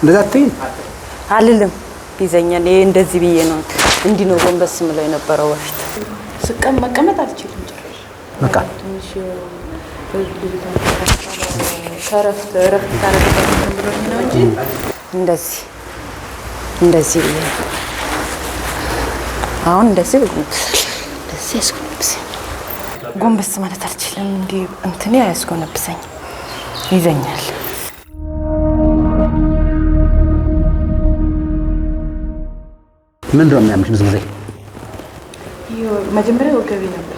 እንደዛ አትይም አልልም። ይዘኛል። ይሄ እንደዚህ ብዬ ነው እንዲህ ነው ጎንበስ ምለው የነበረው በፊት። ስቀም መቀመጥ አልችልም ጭራሽ። በቃ ከረፍት ረፍት ታረጋግጥ ነው እንጂ እንደዚህ እንደዚህ ብዬ ነው አሁን እንደዚህ ጎንበስ እንደዚህ ያስጎነብሰኝ ጎንበስ ማለት አልችልም። እንዲህ እንትኔ አያስጎነብሰኝም። ይዘኛል ምንድን ነው የሚያምሽ? ብዙ ጊዜ መጀመሪያ ወገቤ ነበር።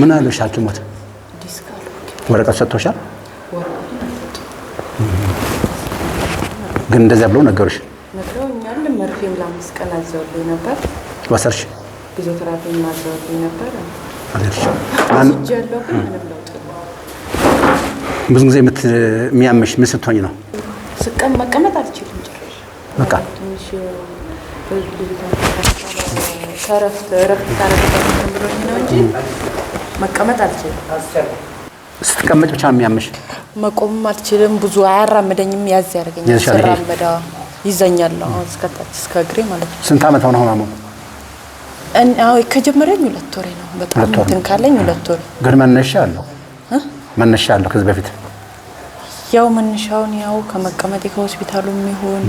ምን አሉሽ ሐኪሞት? ወረቀት ሰጥቶሻል? ግን እንደዚያ ብለው ነገሩሽ? ነግረውኛል። መርፌም ለአምስት ቀን አዘውልኝ ነበር። ወሰድሽ ፊዚዮቴራፒ አዘውልኝ ነበር። ብዙ ጊዜ የሚያምሽ ምን ስትሆኝ ነው? ስቀም መቀመጥ አልችልም በቃ ነው መቀመጥ አልችልም። ስትቀመጭ ብቻ የሚያምሽ? መቆምም አልችልም። ብዙ አያራምደኝም። ያዝ ያደርገኛል። ስራመዳ ይዘኛል። እስከታች እስከ እግሬ ማለት ነው። ስንት ሆነ ከጀመረኝ ሁለት ወሬ ነው። በጣም እንትን ካለኝ ሁለት ወሬ ግን መነሻ መነሻ ከዚህ በፊት ያው መነሻውን ያው ከመቀመጤ ከሆስፒታሉ የሚሆን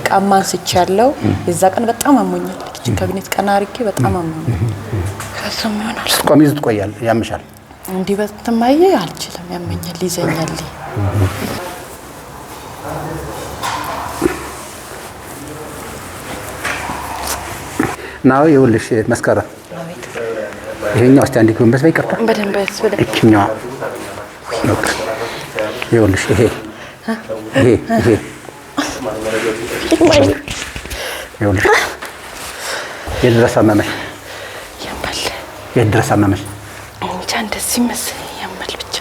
እቃም አንስቼ ያለው የዛ ቀን በጣም አሞኛል። ኪችን ካቢኔት ቀና አድርጌ በጣም አሞኛል። ከሱም ይሆናል ትቆያል፣ ያምሻል። እንዲህ በትማየ አልችልም፣ ያመኛል፣ ይዘኛል። ናው ይኸውልሽ መስከረም ይሄኛው እስቲ አንዴ ጎንበስ በደንበስ በደንበስ በደንብ ይኸውልሽ ይሄ ይሄ ይሄ ይኸውልሽ የት ድረስ አመመሽ? ያማል። የት ድረስ አመመሽ? እንጃ እንደዚህ መሰለኝ። ያማል ብቻ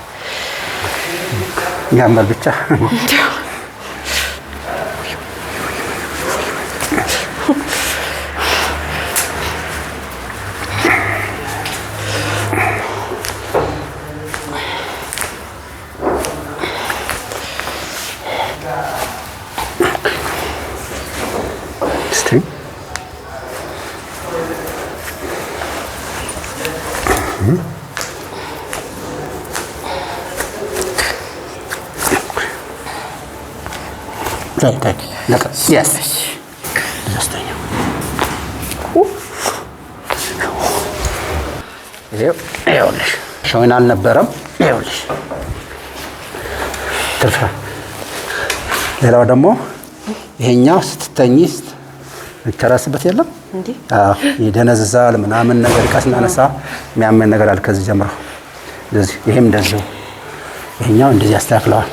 ያማል ብቻ oczy. Mhm. Tak, tak. Dobra, jesteś. Zostań. ይኸውልሽ ሾይን አልነበረም። ይኸውልሽ ትርፈ ሌላው ደግሞ ይሄኛው ስትተኝ የሚከራስበት የለም ይደነዝዛል ምናምን ነገር ዕቃ ስናነሳ የሚያመን ነገር አለ። ከዚህ ጀምሮ ይሄም እንደዚሁ ይሄኛው እንደዚህ ያስተካክለዋል።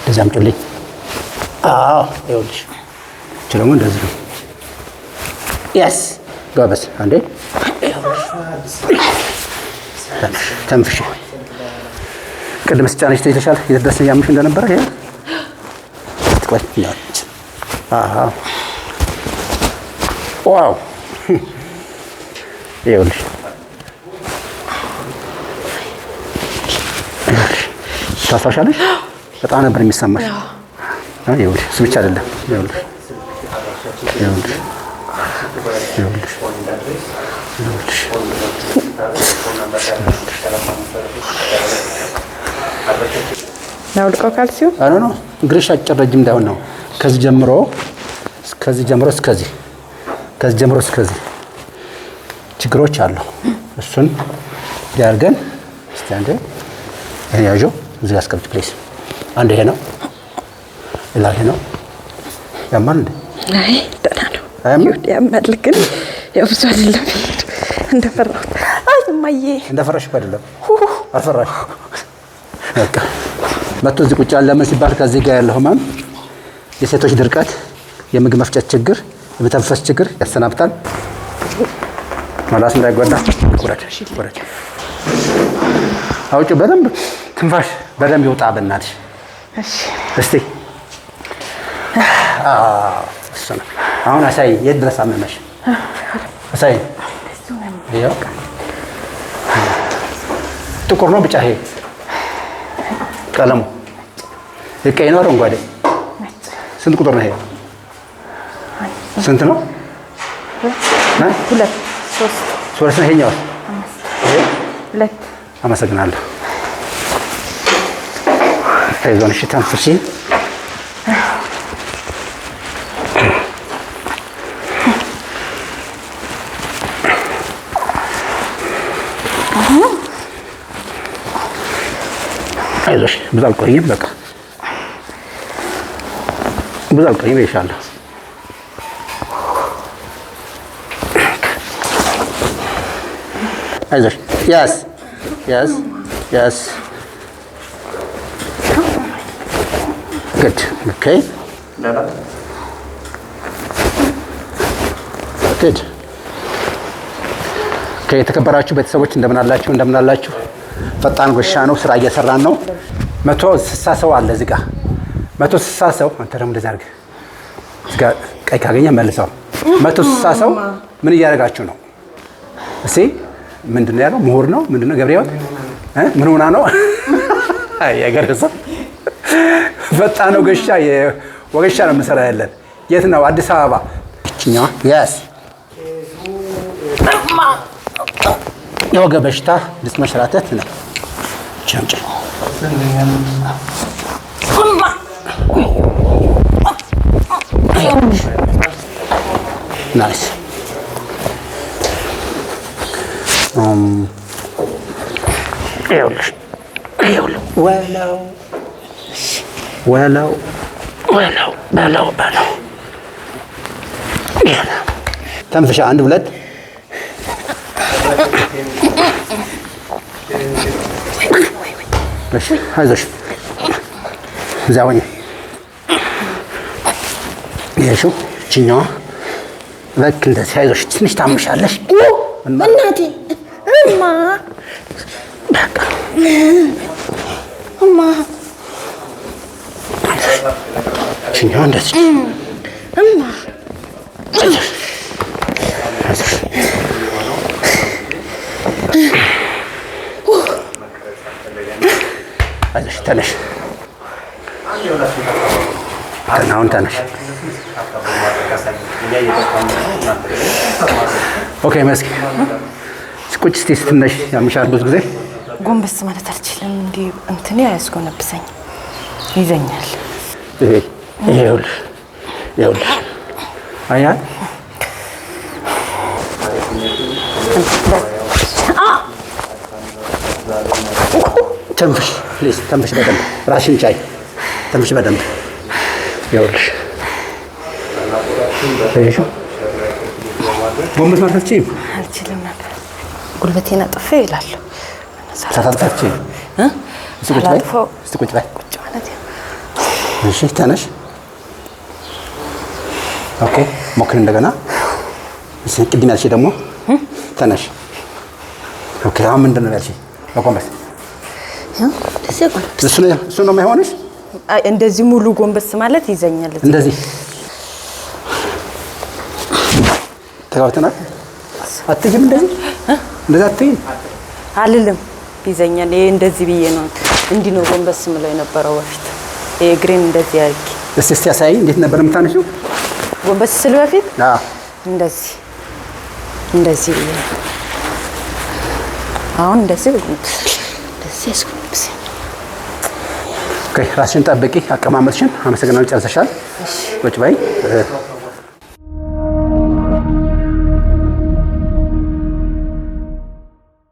እንደዚህ አምጪልኝ። አዎ ይኸውልሽ፣ ደግሞ እንደዚህ ነው። ያስ ጋበስ አንዴ ተንፍሽ። ቅድም ስጫነሽ ተይተሻል። የት ደስ እያምሽ እንደነበረ ይሄ ቆይ ዋው ይኸውልሽ ታስታውሻለሽ? በጣም ነበር የሚሰማሽ። ይኸውልሽ እሱ ብቻ አይደለም። ይኸውልሽ ይኸውልሽ ይኸውልሽ ይኸውልሽ ናውልቀው ካልሲው አረ ነው እግርሽ አጭር ረጅም እንዳይሆን ነው። ከዚህ ጀምሮ እስከዚህ ጀምሮ እስከዚህ ከዚህ ጀምሮ እስከዚህ ችግሮች አሉ። እሱን ያርገን እስቲ አንዴ ይሄን ያዡ እዚህ አስቀምጭ ፕሌስ። አንድ ይሄ ነው፣ ሌላ ይሄ ነው። ያማል እንዴ? አይ ደህና ነው። አያምም ያማል፣ ግን ያው ብዙ አይደለም። እንደፈራሁ አይ አይማዬ፣ እንደፈራሽ እኮ አይደለም። አልፈራሽ በቃ መጥቶ እዚህ ቁጭ ያለ ለምን ሲባል ከዚህ ጋር ያለው ህመም፣ የሴቶች ድርቀት፣ የምግብ መፍጨት ችግር የመተንፈስ ችግር ያሰናብታል። መላስ እንዳይጎዳ አውጭ፣ በደንብ ትንፋሽ በደንብ ይውጣ። በእናትሽ እስቲ አሁን አሳይ፣ የት ድረስ አመመሽ? አሳይ። ጥቁር ነው ብጫ? ይሄ ቀለሙ የቀይ ነው አረንጓዴ? ስንት ቁጥር ነው ይሄ? ስንት ነው? ሁለት ሶስት ሶስት ነው። ይሄኛው ሁለት። አመሰግናለሁ። አይዞን። እሺ ተንፍሺ። አይዞሽ ብዙ አልቆይም። በቃ ብዙ አልቆይም ይሻላል። አይዞሽ። ያስ ያስ ያስ ግድ ኦኬ ግድ ኦኬ። የተከበራችሁ ቤተሰቦች እንደምናላችሁ እንደምናላችሁ። ፈጣን ጎሻ ነው፣ ስራ እየሰራን ነው። መቶ ስሳ ሰው አለ እዚህ ጋር መቶ ስሳ ሰው። አንተ ደግሞ እንደዚያ አድርገህ እዚህ ጋር ቀይ ካገኘህ መልሰው። መቶ ስሳ ሰው ምን እያደረጋችሁ ነው? እሺ ምንድን ነው ያለው? ምሁር ነው ምንድን ነው ገብረ ሕይወት ምን ሆና ነው የገረሰ ወገሻ ወገሻ ነው የምንሰራ ያለን። የት ነው? አዲስ አበባ የወገ በሽታ ድስ መሸራተት ነው። ናይስ Um, Eolo. Eolo. Walaw. Walaw. Walaw. Balaw, balaw. تم فشاء عند ولد؟ بس هاي زش زاوية يا شو؟ جنيا ذاك كنت هاي زش تسمش تعمش علش؟ من ناتي؟ እማ እማ እኛው እንደዚህ እማ አይዞሽ ተነሽ፣ አሁን ተነሽ። ኦኬ መስኪ ቁጭ እስቲ ስትነሽ ያምሻል ብዙ ጊዜ ጎንበስ ማለት አልችልም። እንዲህ እንትኔ አያስጎነብሰኝ ይዘኛል። አያ ተንፍሽ ፕሊዝ፣ ተንፍሽ በደንብ ራሽን ቻይ፣ ተንፍሽ በደንብ ይኸውልሽ። ጎንበስ ማለት አልችልም አልችልም ነበር ጉልበቴን አጥፌ ይላል። ሳላጥፋች ቁጭ በይ። እሺ ተነሽ። ኦኬ ሞክሪ እንደገና። እሺ ቅድም ያልሽ ደግሞ ተነሽ። ኦኬ አሁን ምንድን ነው ያልሽ? በጎንበስ እሱ ነው እሱ ነው የማይሆንሽ። እንደዚህ ሙሉ ጎንበስ ማለት ይዘኛል። እንደዚህ ተጋብተናል። አትይም እንደዚህ እንደዛ አትይኝ አልልም። ይዘኛል። ይሄ እንደዚህ ብዬ ነው እንዲህ ነው ጎንበስ ምለው የነበረው በፊት። ይሄ እግሬን እንደዚህ አድርጌ እስቲ እስቲ ያሳይ። እንዴት ነበር የምታነሺው? ጎንበስ ስል በፊት እንደዚህ እንደዚህ ብዬ ነው። አሁን እንደዚህ ጎንበስ እንደዚህ ጎንበስ። ራስሽን ጠብቂ፣ አቀማመጥሽን። አመሰግናለሁ። ጨርሰሻል። ቁጭ በይ።